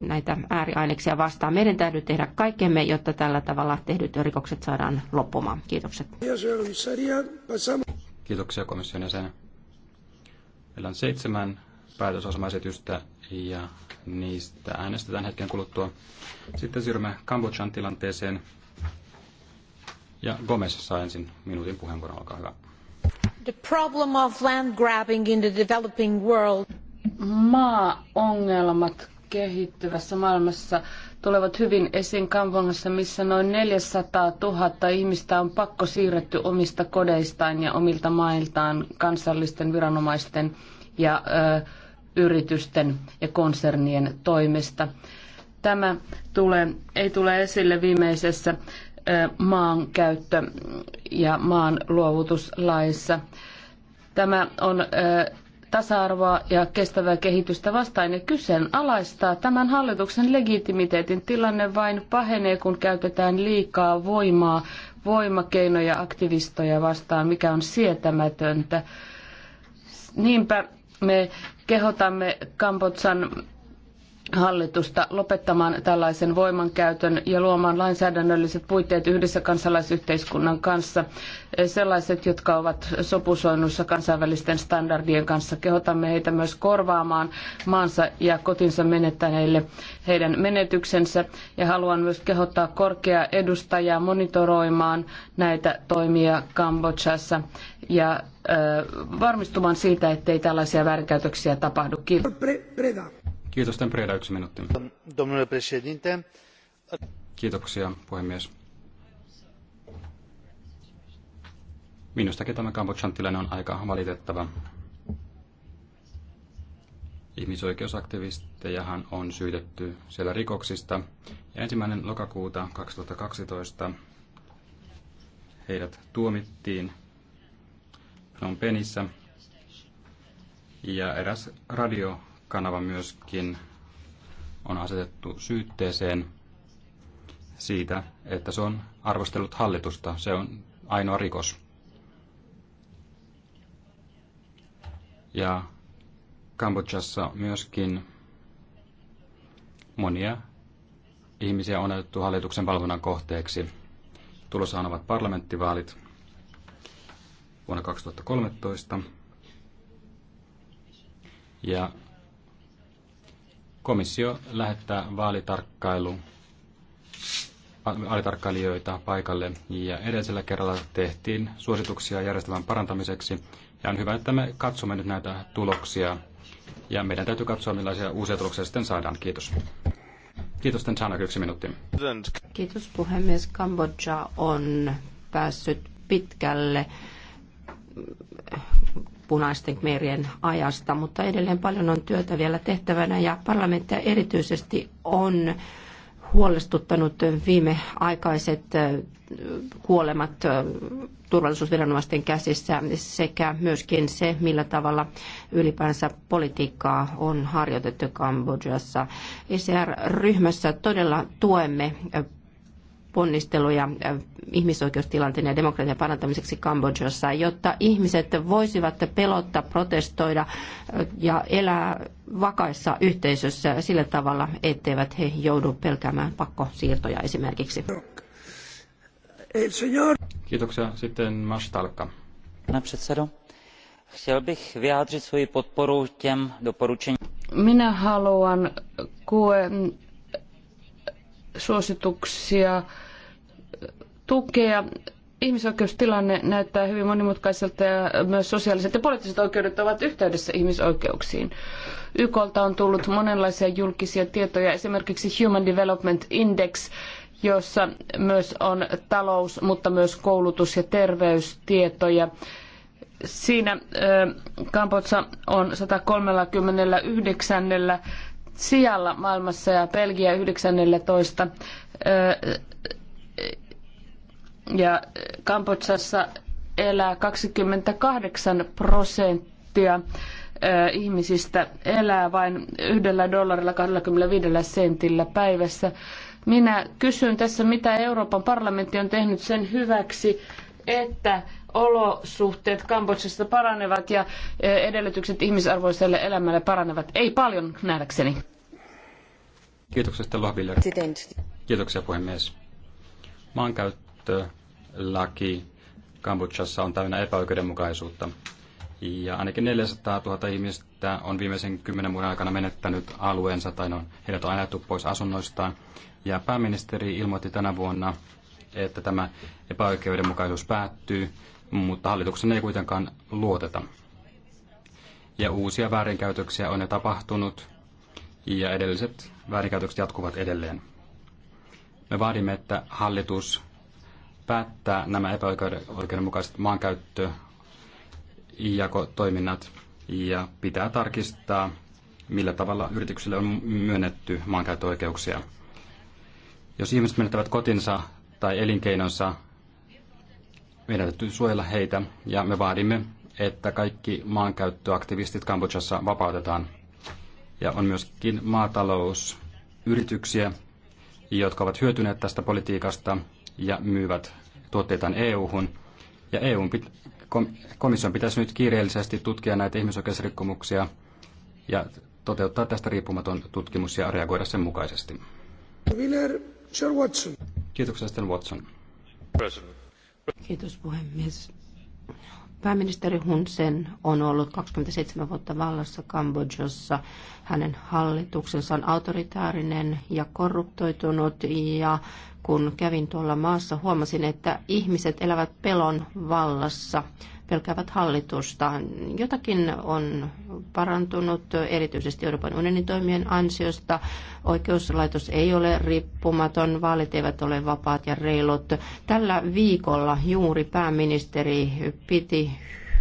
näitä ääriaineksia vastaan. Meidän täytyy tehdä kaikkemme, jotta tällä tavalla tehdyt rikokset saadaan loppumaan. Kiitokset. Kiitoksia komission jäsen. Meillä on seitsemän päätösasemaesitystä ja niistä äänestetään hetken kuluttua. Sitten siirrymme Kambodjan tilanteeseen. Ja Gomez saa ensin minuutin puheenvuoron, olkaa hyvä. The problem of land grabbing in the developing world. Maa-ongelmat kehittyvässä maailmassa tulevat hyvin esiin kampongassa, missä noin 400 000 ihmistä on pakko siirretty omista kodeistaan ja omilta mailtaan kansallisten viranomaisten ja ö, yritysten ja konsernien toimesta. Tämä tulee, ei tule esille viimeisessä ö, maankäyttö- ja maanluovutuslaissa. Tämä on ö, tasa-arvoa ja kestävää kehitystä vastaan ja kyseenalaistaa tämän hallituksen legitimiteetin. Tilanne vain pahenee, kun käytetään liikaa voimaa, voimakeinoja aktivistoja vastaan, mikä on sietämätöntä. Niinpä me kehotamme Kambotsan hallitusta lopettamaan tällaisen voimankäytön ja luomaan lainsäädännölliset puitteet yhdessä kansalaisyhteiskunnan kanssa, sellaiset, jotka ovat sopusoinnussa kansainvälisten standardien kanssa. Kehotamme heitä myös korvaamaan maansa ja kotinsa menettäneille heidän menetyksensä ja haluan myös kehottaa korkeaa edustajaa monitoroimaan näitä toimia Kambodžassa ja varmistumaan siitä, ettei tällaisia väärinkäytöksiä tapahdu. Kiitos. Kiitos, Tämän Preda, yksi minuutti. Domnule președinte. Kiitoksia, puhemies. Minustakin tämä Kambodjan tilanne on aika valitettava. Ihmisoikeusaktivistejahan on syytetty siellä rikoksista. Ja ensimmäinen lokakuuta 2012 heidät tuomittiin Phnom Penhissä. Ja eräs radio kanava myöskin on asetettu syytteeseen siitä, että se on arvostellut hallitusta. Se on ainoa rikos. Ja Kambodžassa myöskin monia ihmisiä on otettu hallituksen valvonnan kohteeksi. Tulossa on ovat parlamenttivaalit vuonna 2013. Ja komissio lähettää vaalitarkkailu, vaalitarkkailijoita paikalle ja edellisellä kerralla tehtiin suosituksia järjestelmän parantamiseksi. Ja on hyvä, että me katsomme nyt näitä tuloksia ja meidän täytyy katsoa, millaisia uusia tuloksia sitten saadaan. Kiitos. Kiitos, Tensana, yksi minuutti. Kiitos puhemies. Kambodža on päässyt pitkälle punaisten merien ajasta, mutta edelleen paljon on työtä vielä tehtävänä ja parlamenttia erityisesti on huolestuttanut viimeaikaiset kuolemat turvallisuusviranomaisten käsissä sekä myöskin se, millä tavalla ylipäänsä politiikkaa on harjoitettu Kambodžassa. ICR-ryhmässä e todella tuemme ponnisteluja äh, ihmisoikeustilanteen ja demokratian parantamiseksi Kambodžassa, jotta ihmiset voisivat pelottaa, protestoida äh, ja elää vakaissa yhteisössä sillä tavalla, etteivät he joudu pelkäämään pakkosiirtoja esimerkiksi. Kiitoksia. Sitten Mastalka. Minä haluan kuen suosituksia tukea. Ihmisoikeustilanne näyttää hyvin monimutkaiselta ja myös sosiaaliset ja poliittiset oikeudet ovat yhteydessä ihmisoikeuksiin. YKlta on tullut monenlaisia julkisia tietoja, esimerkiksi Human Development Index, jossa myös on talous, mutta myös koulutus- ja terveystietoja. Siinä Kambodsa on 139 sijalla maailmassa ja Belgia 19 ja Kambodsassa elää 28 prosenttia ihmisistä elää vain yhdellä dollarilla 25 sentillä päivässä. Minä kysyn tässä, mitä Euroopan parlamentti on tehnyt sen hyväksi, että olosuhteet Kambodsassa paranevat ja edellytykset ihmisarvoiselle elämälle paranevat. Ei paljon nähdäkseni. Kiitoksia lohville. Kiitoksia puhemies. Maankäyttö Laki Kambodžassa on täynnä epäoikeudenmukaisuutta. Ja ainakin 400 000 ihmistä on viimeisen kymmenen vuoden aikana menettänyt alueensa tai on, no, heidät on ajettu pois asunnoistaan. Ja pääministeri ilmoitti tänä vuonna, että tämä epäoikeudenmukaisuus päättyy, mutta hallituksen ei kuitenkaan luoteta. Ja uusia väärinkäytöksiä on jo tapahtunut ja edelliset väärinkäytökset jatkuvat edelleen. Me vaadimme, että hallitus päättää nämä epäoikeudenmukaiset maankäyttö- ja toiminnat ja pitää tarkistaa, millä tavalla yrityksille on myönnetty maankäyttöoikeuksia. Jos ihmiset menettävät kotinsa tai elinkeinonsa, meidän täytyy suojella heitä ja me vaadimme, että kaikki maankäyttöaktivistit Kambodžassa vapautetaan. Ja on myöskin maatalousyrityksiä, jotka ovat hyötyneet tästä politiikasta ja myyvät tuotteitaan EU-hun. Ja EUn pit- komission pitäisi nyt kiireellisesti tutkia näitä ihmisoikeusrikkomuksia ja toteuttaa tästä riippumaton tutkimus ja reagoida sen mukaisesti. Watson. Kiitoksia sitten Watson. President. Kiitos puhemies. Pääministeri Hun Sen on ollut 27 vuotta vallassa Kambodžassa. Hänen hallituksensa on autoritaarinen ja korruptoitunut ja kun kävin tuolla maassa, huomasin, että ihmiset elävät pelon vallassa – pelkäävät hallitusta. Jotakin on parantunut erityisesti Euroopan unionin toimien ansiosta. Oikeuslaitos ei ole riippumaton, vaalit eivät ole vapaat ja reilut. Tällä viikolla juuri pääministeri piti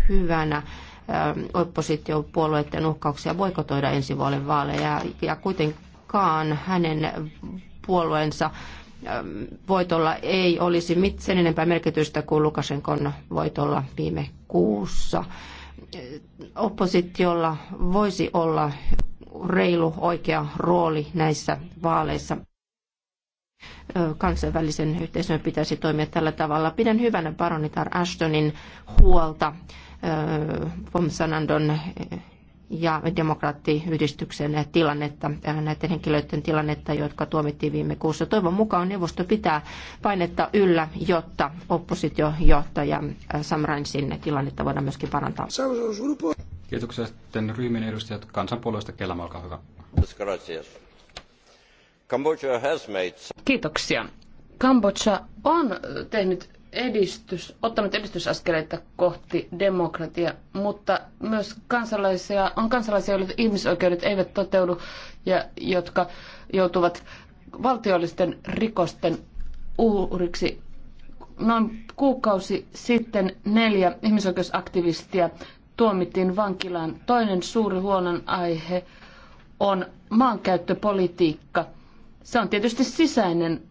hyvänä ähm, oppositiopuolueiden uhkauksia boikotoida ensi vuoden vaaleja ja kuitenkaan hänen puolueensa Ähm, voitolla ei olisi sen enempää merkitystä kuin Lukashenkon voitolla viime kuussa. Äh, oppositiolla voisi olla reilu oikea rooli näissä vaaleissa äh, kansainvälisen yhteisön pitäisi toimia tällä tavalla. Pidän hyvänä baronitar Ashtonin huolta äh, Pomsanandon ja demokraattiyhdistyksen tilannetta, äh, näiden henkilöiden tilannetta, jotka tuomittiin viime kuussa. Toivon mukaan neuvosto pitää painetta yllä, jotta oppositiojohtaja äh, Samransin tilannetta voidaan myöskin parantaa. Kiitoksia sitten ryhmien edustajat kansanpuolueesta. Kelma, olkaa hyvä. Kiitoksia. Kambodža on tehnyt edistys, ottanut edistysaskeleita kohti demokratia, mutta myös kansalaisia, on kansalaisia, joille ihmisoikeudet eivät toteudu ja jotka joutuvat valtiollisten rikosten uhriksi. Noin kuukausi sitten neljä ihmisoikeusaktivistia tuomittiin vankilaan. Toinen suuri huolenaihe on maankäyttöpolitiikka. Se on tietysti sisäinen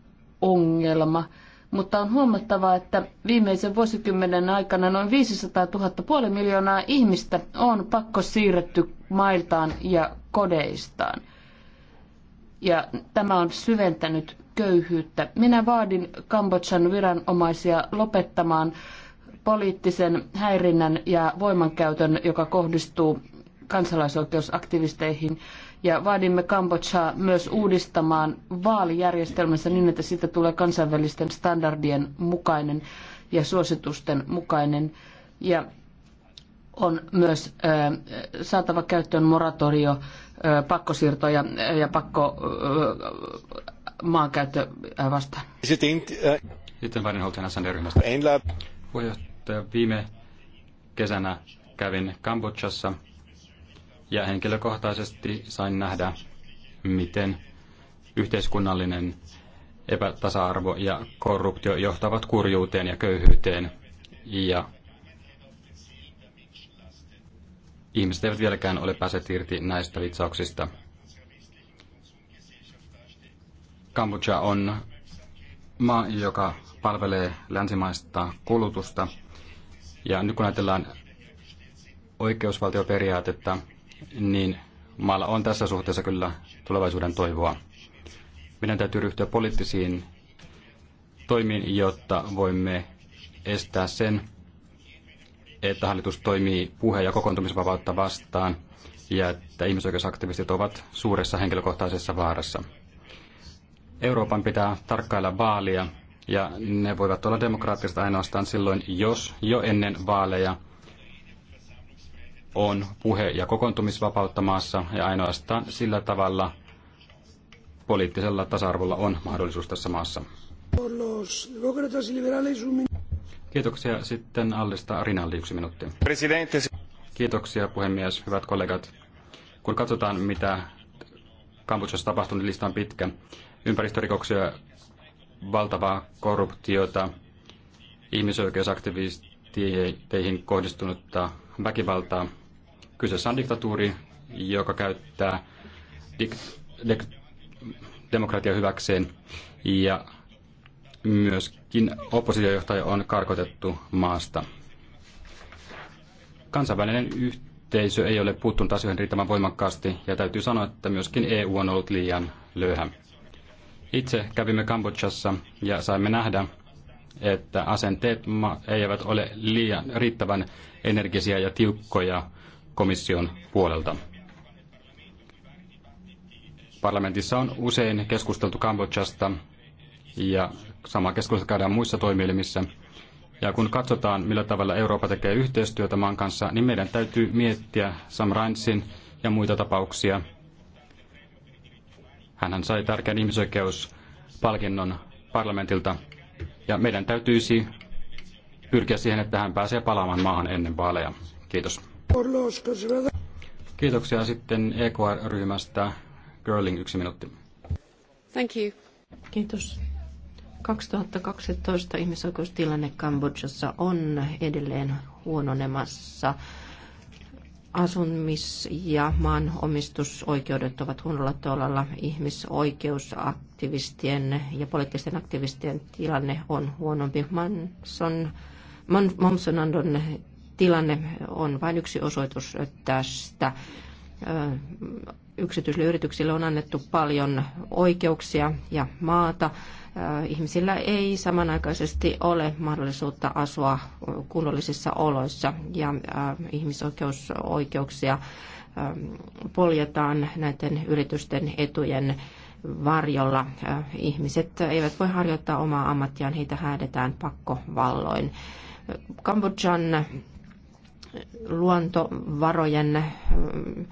ongelma – mutta on huomattava, että viimeisen vuosikymmenen aikana noin 500 000 puoli miljoonaa ihmistä on pakko siirretty mailtaan ja kodeistaan. Ja tämä on syventänyt köyhyyttä. Minä vaadin Kambodjan viranomaisia lopettamaan poliittisen häirinnän ja voimankäytön, joka kohdistuu kansalaisoikeusaktivisteihin ja vaadimme Kambodžaa myös uudistamaan vaalijärjestelmänsä niin, että siitä tulee kansainvälisten standardien mukainen ja suositusten mukainen. Ja on myös saatava käyttöön moratorio pakkosiirtoja ja pakko maankäyttö vastaan. Sitten Värinholten SND-ryhmästä. Puheenjohtaja, viime kesänä kävin Kambodžassa ja henkilökohtaisesti sain nähdä, miten yhteiskunnallinen epätasa-arvo ja korruptio johtavat kurjuuteen ja köyhyyteen. Ja ihmiset eivät vieläkään ole päässeet irti näistä vitsauksista. Kambodža on maa, joka palvelee länsimaista kulutusta. Ja nyt kun ajatellaan oikeusvaltioperiaatetta, niin maalla on tässä suhteessa kyllä tulevaisuuden toivoa. Meidän täytyy ryhtyä poliittisiin toimiin, jotta voimme estää sen, että hallitus toimii puhe- ja kokoontumisvapautta vastaan ja että ihmisoikeusaktivistit ovat suuressa henkilökohtaisessa vaarassa. Euroopan pitää tarkkailla vaalia ja ne voivat olla demokraattiset ainoastaan silloin, jos jo ennen vaaleja – on puhe- ja kokoontumisvapautta maassa ja ainoastaan sillä tavalla poliittisella tasa-arvolla on mahdollisuus tässä maassa. Kiitoksia sitten Allista Rinaldi yksi minuutti. Kiitoksia puhemies, hyvät kollegat. Kun katsotaan mitä Kambodžassa tapahtunut, niin lista on pitkä. Ympäristörikoksia, valtavaa korruptiota, ihmisoikeusaktivisteihin kohdistunutta väkivaltaa Kyseessä on diktatuuri, joka käyttää dik- dek- demokratia hyväkseen ja myöskin oppositiojohtaja on karkotettu maasta. Kansainvälinen yhteisö ei ole puuttunut asioihin riittävän voimakkaasti ja täytyy sanoa, että myöskin EU on ollut liian löyhä. Itse kävimme Kambodžassa ja saimme nähdä, että asenteet eivät ole liian riittävän energisiä ja tiukkoja komission puolelta. Parlamentissa on usein keskusteltu Kambodžasta ja sama keskustelu käydään muissa toimielimissä. Ja kun katsotaan, millä tavalla Eurooppa tekee yhteistyötä maan kanssa, niin meidän täytyy miettiä Sam Rainsin ja muita tapauksia. Hänhän sai tärkeän ihmisoikeuspalkinnon parlamentilta. Ja meidän täytyisi pyrkiä siihen, että hän pääsee palaamaan maahan ennen vaaleja. Kiitos. Kiitoksia sitten EKR-ryhmästä. Girling, yksi minuutti. Thank you. Kiitos. 2012 ihmisoikeustilanne Kambodžassa on edelleen huononemassa. Asumis- ja maanomistusoikeudet ovat huonolla tolalla. Ihmisoikeusaktivistien ja poliittisten aktivistien tilanne on huonompi. Manson, Man, Momsonandon tilanne on vain yksi osoitus tästä. Yksityisille yrityksille on annettu paljon oikeuksia ja maata. Ihmisillä ei samanaikaisesti ole mahdollisuutta asua kunnollisissa oloissa ja ihmisoikeusoikeuksia poljetaan näiden yritysten etujen varjolla. Ihmiset eivät voi harjoittaa omaa ammattiaan, heitä häädetään pakkovalloin. Kambodjan luontovarojen mm,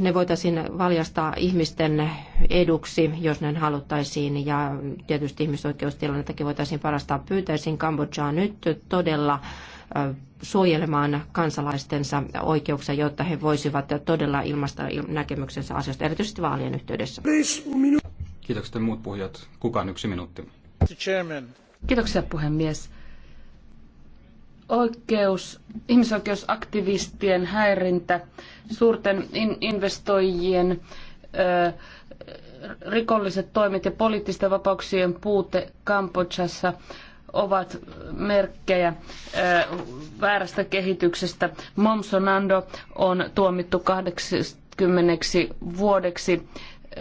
ne voitaisiin valjastaa ihmisten eduksi, jos ne haluttaisiin, ja tietysti ihmisoikeustilannettakin voitaisiin parastaa. Pyytäisin Kambodžaa nyt todella suojelemaan kansalaistensa oikeuksia, jotta he voisivat todella ilmaista näkemyksensä asiasta, erityisesti vaalien yhteydessä. Kiitokset muut puhujat. Kukaan yksi minuutti. Kiitoksia puhemies oikeus, ihmisoikeusaktivistien häirintä, suurten in- investoijien ö, rikolliset toimet ja poliittisten vapauksien puute Kambodžassa ovat merkkejä ö, väärästä kehityksestä. Momsonando on tuomittu 80 vuodeksi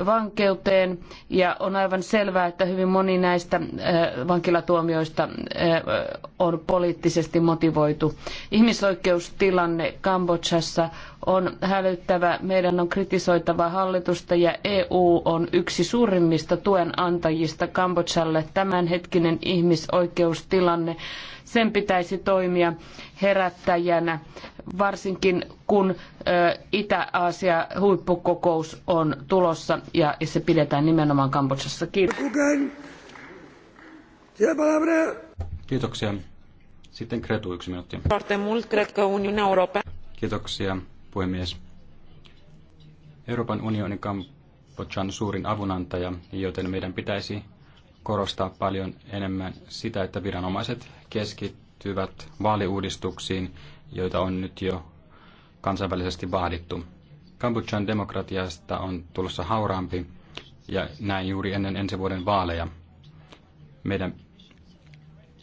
vankeuteen ja on aivan selvää, että hyvin moni näistä äh, vankilatuomioista äh, on poliittisesti motivoitu. Ihmisoikeustilanne Kambodžassa on hälyttävä. Meidän on kritisoitava hallitusta ja EU on yksi suurimmista tuen antajista Kambodžalle. Tämänhetkinen ihmisoikeustilanne sen pitäisi toimia herättäjänä, varsinkin kun Itä-Aasia huippukokous on tulossa ja se pidetään nimenomaan Kambodsassa. Kiitos. Kiitoksia. Sitten Kretu yksi minuutti. Kiitoksia, puhemies. Euroopan unionin Kambodjan suurin avunantaja, joten meidän pitäisi korostaa paljon enemmän sitä, että viranomaiset keskittyvät vaaliuudistuksiin, joita on nyt jo kansainvälisesti vaadittu. Kambodjan demokratiasta on tulossa hauraampi ja näin juuri ennen ensi vuoden vaaleja. Meidän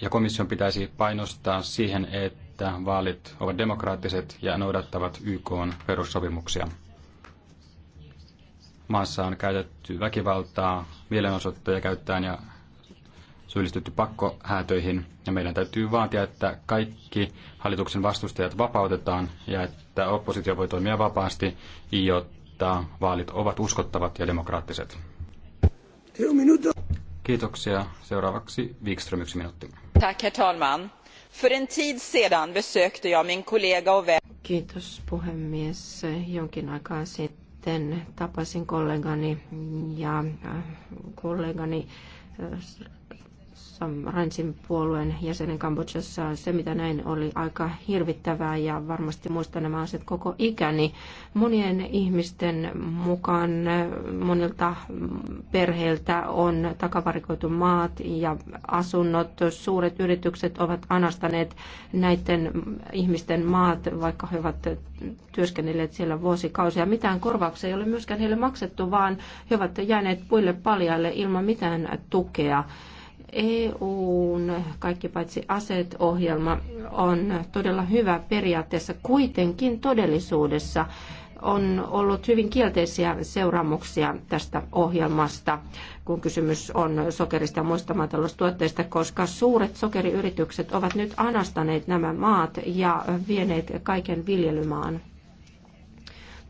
ja komission pitäisi painostaa siihen, että vaalit ovat demokraattiset ja noudattavat YK perussopimuksia maassa on käytetty väkivaltaa mielenosoittajia käyttäen ja syyllistytty pakkohäätöihin. Ja meidän täytyy vaatia, että kaikki hallituksen vastustajat vapautetaan ja että oppositio voi toimia vapaasti, jotta vaalit ovat uskottavat ja demokraattiset. Kiitoksia. Seuraavaksi Wikström yksi minuutti. Tack, herr talman. För en tid sedan besökte jag min kollega och vän. Kiitos puhemies. Jonkin aikaa sitten sitten tapasin kollegani ja äh, kollegani äh, Ransin puolueen jäsenen Kambodžassa. Se, mitä näin, oli aika hirvittävää ja varmasti muistan nämä asiat koko ikäni. Monien ihmisten mukaan monilta perheiltä on takavarikoitu maat ja asunnot. Suuret yritykset ovat anastaneet näiden ihmisten maat, vaikka he ovat työskennelleet siellä vuosikausia. Mitään korvauksia ei ole myöskään heille maksettu, vaan he ovat jääneet puille paljaille ilman mitään tukea. EUn kaikki paitsi aseet-ohjelma on todella hyvä periaatteessa. Kuitenkin todellisuudessa on ollut hyvin kielteisiä seuraamuksia tästä ohjelmasta, kun kysymys on sokerista ja muista maataloustuotteista, koska suuret sokeriyritykset ovat nyt anastaneet nämä maat ja vieneet kaiken viljelymaan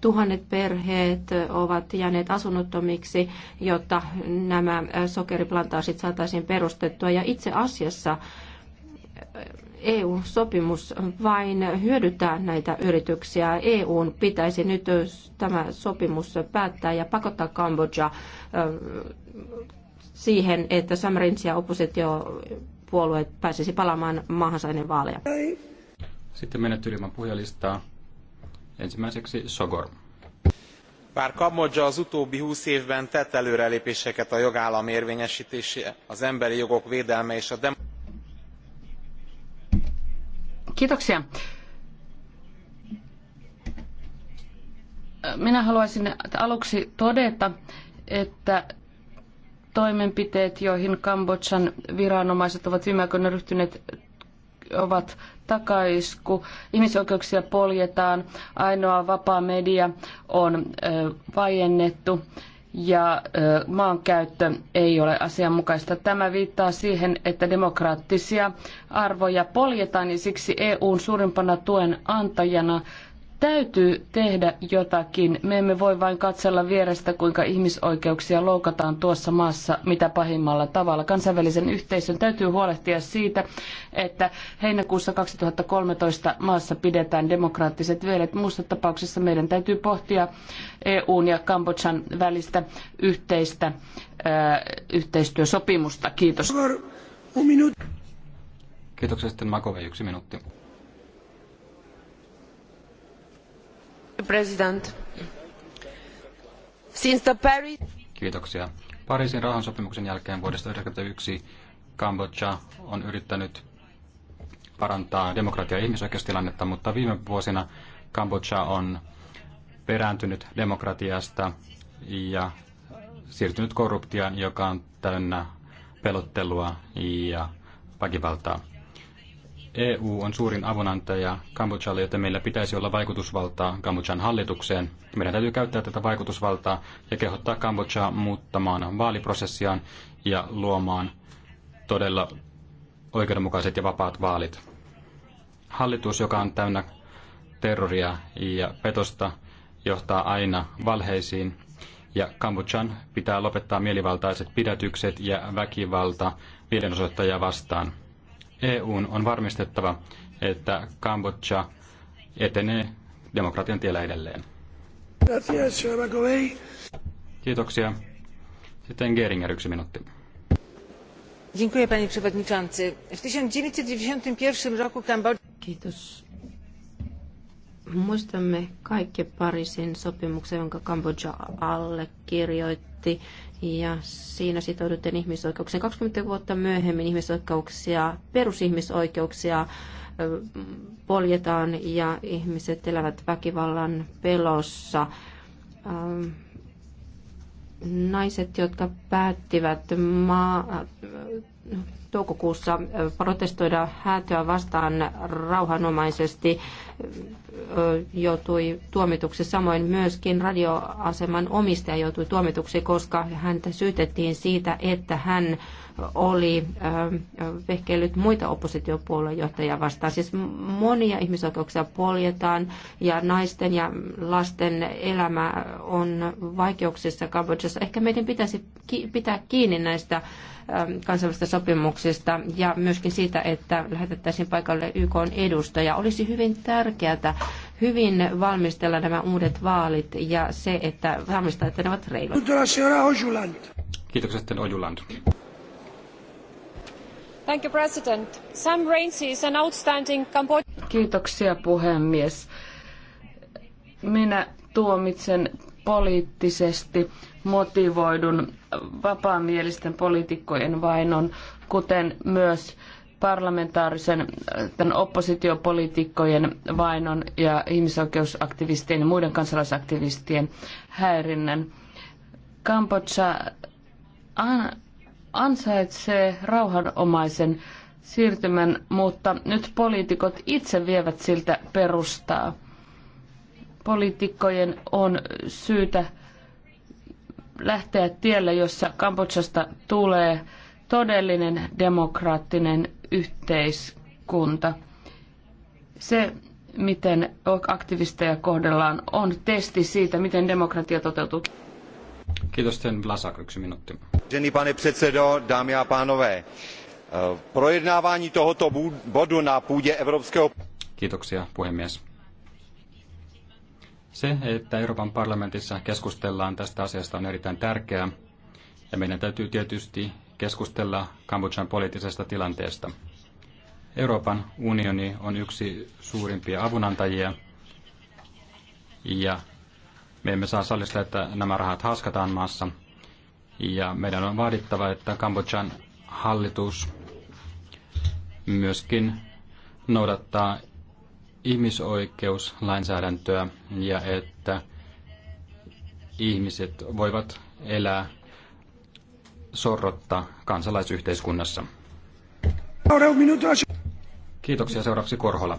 Tuhannet perheet ovat jääneet asunnottomiksi, jotta nämä sokeriplantaasit saataisiin perustettua. Ja itse asiassa EU-sopimus eh, e vain hyödyttää näitä yrityksiä. EUn pitäisi nyt tämä sopimus päättää ja pakottaa Kambodža eh, siihen, että Samrins ja oppositiopuolueet pääsisi palaamaan maahansa ennen vaaleja. Sitten mennään ylimmän puhujalistaa. Ensimmäiseksi Sogor. Bár Kambodzsa az utóbbi húsz évben tett előrelépéseket a jogállam érvényesítése, az emberi jogok védelme és a dem- Kiitoksia. Minä haluaisin aluksi todeta, että toimenpiteet, joihin Kambodsan viranomaiset ovat viime aikoina ryhtyneet ovat takaisku. Ihmisoikeuksia poljetaan, ainoa vapaa media on vaiennettu ja maankäyttö ei ole asianmukaista. Tämä viittaa siihen, että demokraattisia arvoja poljetaan ja siksi EUn suurimpana tuen antajana täytyy tehdä jotakin. Me emme voi vain katsella vierestä, kuinka ihmisoikeuksia loukataan tuossa maassa mitä pahimmalla tavalla. Kansainvälisen yhteisön täytyy huolehtia siitä, että heinäkuussa 2013 maassa pidetään demokraattiset velet. Muussa tapauksessa meidän täytyy pohtia EUn ja Kambodžan välistä yhteistä ää, yhteistyösopimusta. Kiitos. Kiitoksia sitten Makove, yksi minuutti. President. Since Kiitoksia. Pariisin rauhansopimuksen jälkeen vuodesta 1991 Kambodža on yrittänyt parantaa demokratia- ja ihmisoikeustilannetta, mutta viime vuosina Kambodža on perääntynyt demokratiasta ja siirtynyt korruptioon, joka on täynnä pelottelua ja väkivaltaa. EU on suurin avunantaja Kambodžalle, joten meillä pitäisi olla vaikutusvaltaa Kambodžan hallitukseen. Meidän täytyy käyttää tätä vaikutusvaltaa ja kehottaa Kambodžaa muuttamaan vaaliprosessiaan ja luomaan todella oikeudenmukaiset ja vapaat vaalit. Hallitus, joka on täynnä terroria ja petosta, johtaa aina valheisiin ja Kambodžan pitää lopettaa mielivaltaiset pidätykset ja väkivalta mielenosoittajia vastaan. EUn on varmistettava, että Kambodža etenee demokratian tiellä edelleen. Kiitoksia. Sitten Geringer yksi minuutti. Dziękuję panie przewodniczący. W 1991 roku Kambodża... Kiitos Muistamme kaikki Pariisin sopimuksen, jonka Kambodža allekirjoitti, ja siinä sitouduttiin ihmisoikeuksia. 20 vuotta myöhemmin ihmisoikeuksia, perusihmisoikeuksia poljetaan ja ihmiset elävät väkivallan pelossa naiset, jotka päättivät maa, toukokuussa protestoida häätöä vastaan rauhanomaisesti, joutui tuomituksi. Samoin myöskin radioaseman omistaja joutui tuomituksi, koska häntä syytettiin siitä, että hän oli ähm, vehkeillyt muita johtajia vastaan. Siis monia ihmisoikeuksia poljetaan ja naisten ja lasten elämä on vaikeuksissa Kambodžassa. Ehkä meidän pitäisi pitää kiinni näistä ähm, kansainvälisistä sopimuksista ja myöskin siitä, että lähetettäisiin paikalle YK edustaja. Olisi hyvin tärkeää hyvin valmistella nämä uudet vaalit ja se, että varmistaa, että ne ovat reilut. Kiitoksia sitten Ojuland. Thank you, President. Sam Rainsy is an outstanding Cambodian... Kiitoksia puhemies. Minä tuomitsen poliittisesti motivoidun vapaamielisten poliitikkojen vainon, kuten myös parlamentaarisen tämän oppositiopoliitikkojen vainon ja ihmisoikeusaktivistien ja muiden kansalaisaktivistien häirinnän. Kambodža ansaitsee rauhanomaisen siirtymän, mutta nyt poliitikot itse vievät siltä perustaa. Poliitikkojen on syytä lähteä tielle, jossa Kambodsasta tulee todellinen demokraattinen yhteiskunta. Se, miten aktivisteja kohdellaan, on testi siitä, miten demokratia toteutuu. Kiitos, Sten Vlasak, yksi minuutti. Vážený pane předsedo, dámy a pánové, eh, projednávání tohoto bodu na půdě Evropského... Kiitoksia, puhemies. Se, että Euroopan parlamentissa keskustellaan tästä asiasta on erittäin tärkeää, ja meidän täytyy tietysti keskustella Kambodjan poliittisesta tilanteesta. Euroopan unioni on yksi suurimpia avunantajia, ja me emme saa sallista, että nämä rahat haskataan maassa. Ja meidän on vaadittava, että Kambodjan hallitus myöskin noudattaa ihmisoikeuslainsäädäntöä ja että ihmiset voivat elää sorrotta kansalaisyhteiskunnassa. Kiitoksia seuraavaksi Korhola.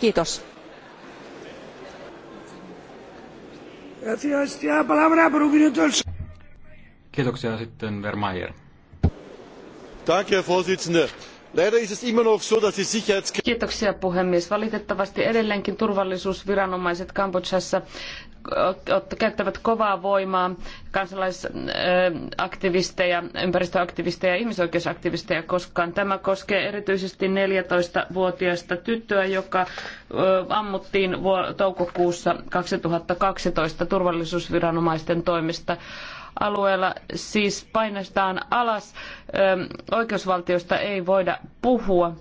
kiitos. Kiitoksia sitten Vermeijer. Danke, Herr Vorsitzender. Kiitoksia puhemies. Valitettavasti edelleenkin turvallisuusviranomaiset Kambodžassa käyttävät kovaa voimaa kansalaisaktivisteja, ympäristöaktivisteja ja ihmisoikeusaktivisteja koskaan. Tämä koskee erityisesti 14-vuotiaista tyttöä, joka ammuttiin toukokuussa 2012 turvallisuusviranomaisten toimesta alueella siis painetaan alas. Oikeusvaltiosta ei voida puhua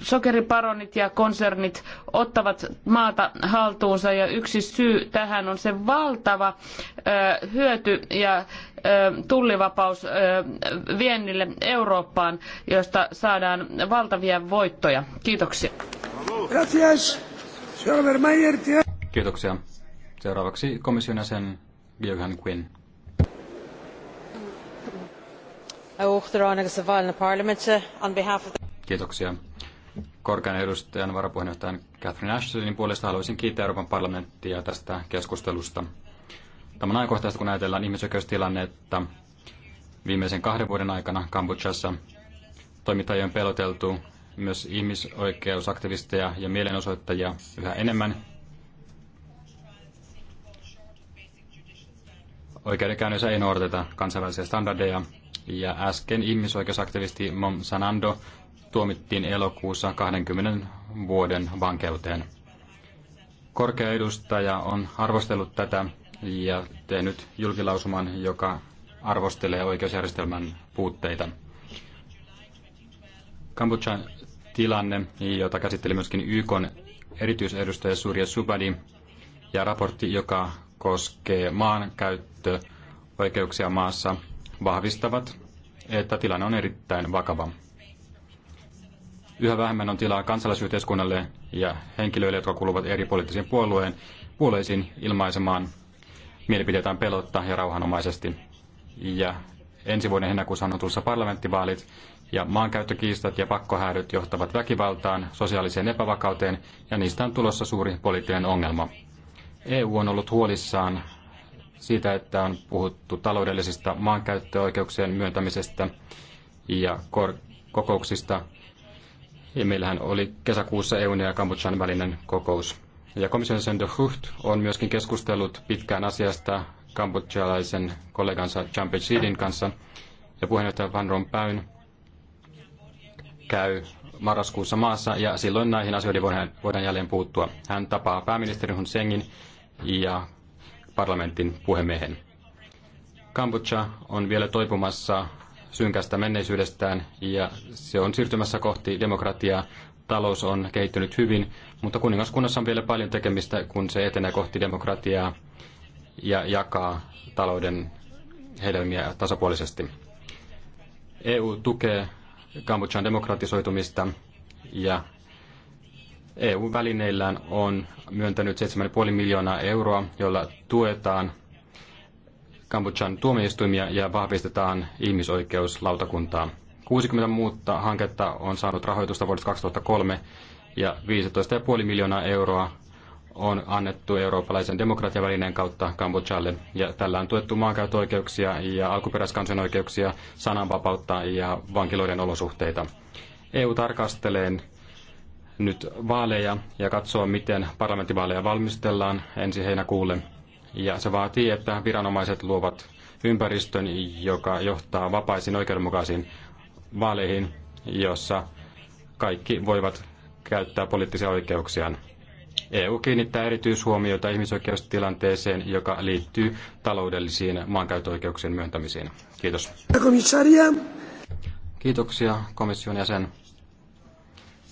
sokeriparonit ja konsernit ottavat maata haltuunsa ja yksi syy tähän on se valtava hyöty ja tullivapaus viennille Eurooppaan, josta saadaan valtavia voittoja. Kiitoksia. Kiitoksia. Seuraavaksi komission jäsen Geoghan Quinn. Eh, Kiitoksia korkean edustajan varapuheenjohtajan Catherine Ashtonin puolesta haluaisin kiittää Euroopan parlamenttia tästä keskustelusta. Tämä on ajankohtaista, kun ajatellaan ihmisoikeustilannetta viimeisen kahden vuoden aikana Kambodžassa. Toimittajia on peloteltu, myös ihmisoikeusaktivisteja ja mielenosoittajia yhä enemmän. Oikeudenkäynnissä ei noudateta kansainvälisiä standardeja, ja äsken ihmisoikeusaktivisti Mom Sanando tuomittiin elokuussa 20 vuoden vankeuteen. Korkea edustaja on arvostellut tätä ja tehnyt julkilausuman, joka arvostelee oikeusjärjestelmän puutteita. Kambodjan tilanne, jota käsitteli myöskin YK erityisedustaja Surya Subadi, ja raportti, joka koskee maan käyttöoikeuksia maassa, vahvistavat, että tilanne on erittäin vakava. Yhä vähemmän on tilaa kansalaisyhteiskunnalle ja henkilöille, jotka kuuluvat eri poliittisiin puolueen, puolueisiin ilmaisemaan mielipiteitään pelotta ja rauhanomaisesti. Ja ensi vuoden heinäkuussa on tulossa parlamenttivaalit, ja maankäyttökiistat ja pakkohäädyt johtavat väkivaltaan, sosiaaliseen epävakauteen, ja niistä on tulossa suuri poliittinen ongelma. EU on ollut huolissaan siitä, että on puhuttu taloudellisista maankäyttöoikeuksien myöntämisestä ja kokouksista, ja meillähän oli kesäkuussa EUn ja Kambodjan välinen kokous. Ja komission sen de Hucht on myöskin keskustellut pitkään asiasta kambodjalaisen kollegansa Champe Sidin kanssa. Ja puheenjohtaja Van Rompuyn käy marraskuussa maassa ja silloin näihin asioihin voidaan, voidaan jälleen puuttua. Hän tapaa pääministeri Hun Sengin ja parlamentin puhemiehen. Kambodža on vielä toipumassa synkästä menneisyydestään ja se on siirtymässä kohti demokratiaa. Talous on kehittynyt hyvin, mutta kuningaskunnassa on vielä paljon tekemistä, kun se etenee kohti demokratiaa ja jakaa talouden hedelmiä tasapuolisesti. EU tukee Kambodjan demokratisoitumista ja EU-välineillään on myöntänyt 7,5 miljoonaa euroa, jolla tuetaan Kambodjan tuomioistuimia ja vahvistetaan ihmisoikeuslautakuntaa. 60 muutta hanketta on saanut rahoitusta vuodesta 2003 ja 15,5 miljoonaa euroa on annettu eurooppalaisen demokratiavälineen kautta Kambodžalle. Ja tällä on tuettu maankäyttöoikeuksia ja alkuperäiskansojen oikeuksia, sananvapautta ja vankiloiden olosuhteita. EU tarkastelee nyt vaaleja ja katsoo, miten parlamenttivaaleja valmistellaan ensi heinäkuulle – ja se vaatii, että viranomaiset luovat ympäristön, joka johtaa vapaisiin oikeudenmukaisiin vaaleihin, jossa kaikki voivat käyttää poliittisia oikeuksiaan. EU kiinnittää erityishuomiota ihmisoikeustilanteeseen, joka liittyy taloudellisiin maankäyttöoikeuksien myöntämisiin. Kiitos. Kiitoksia komission jäsen.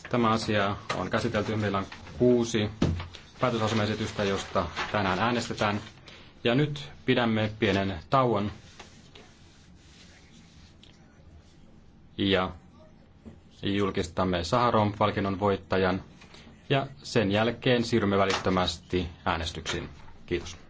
Tämä asia on käsitelty. Meillä on kuusi päätösasemaesitystä, josta tänään äänestetään. Ja nyt pidämme pienen tauon. Ja julkistamme Saharon-palkinnon voittajan. Ja sen jälkeen siirrymme välittömästi äänestyksiin. Kiitos.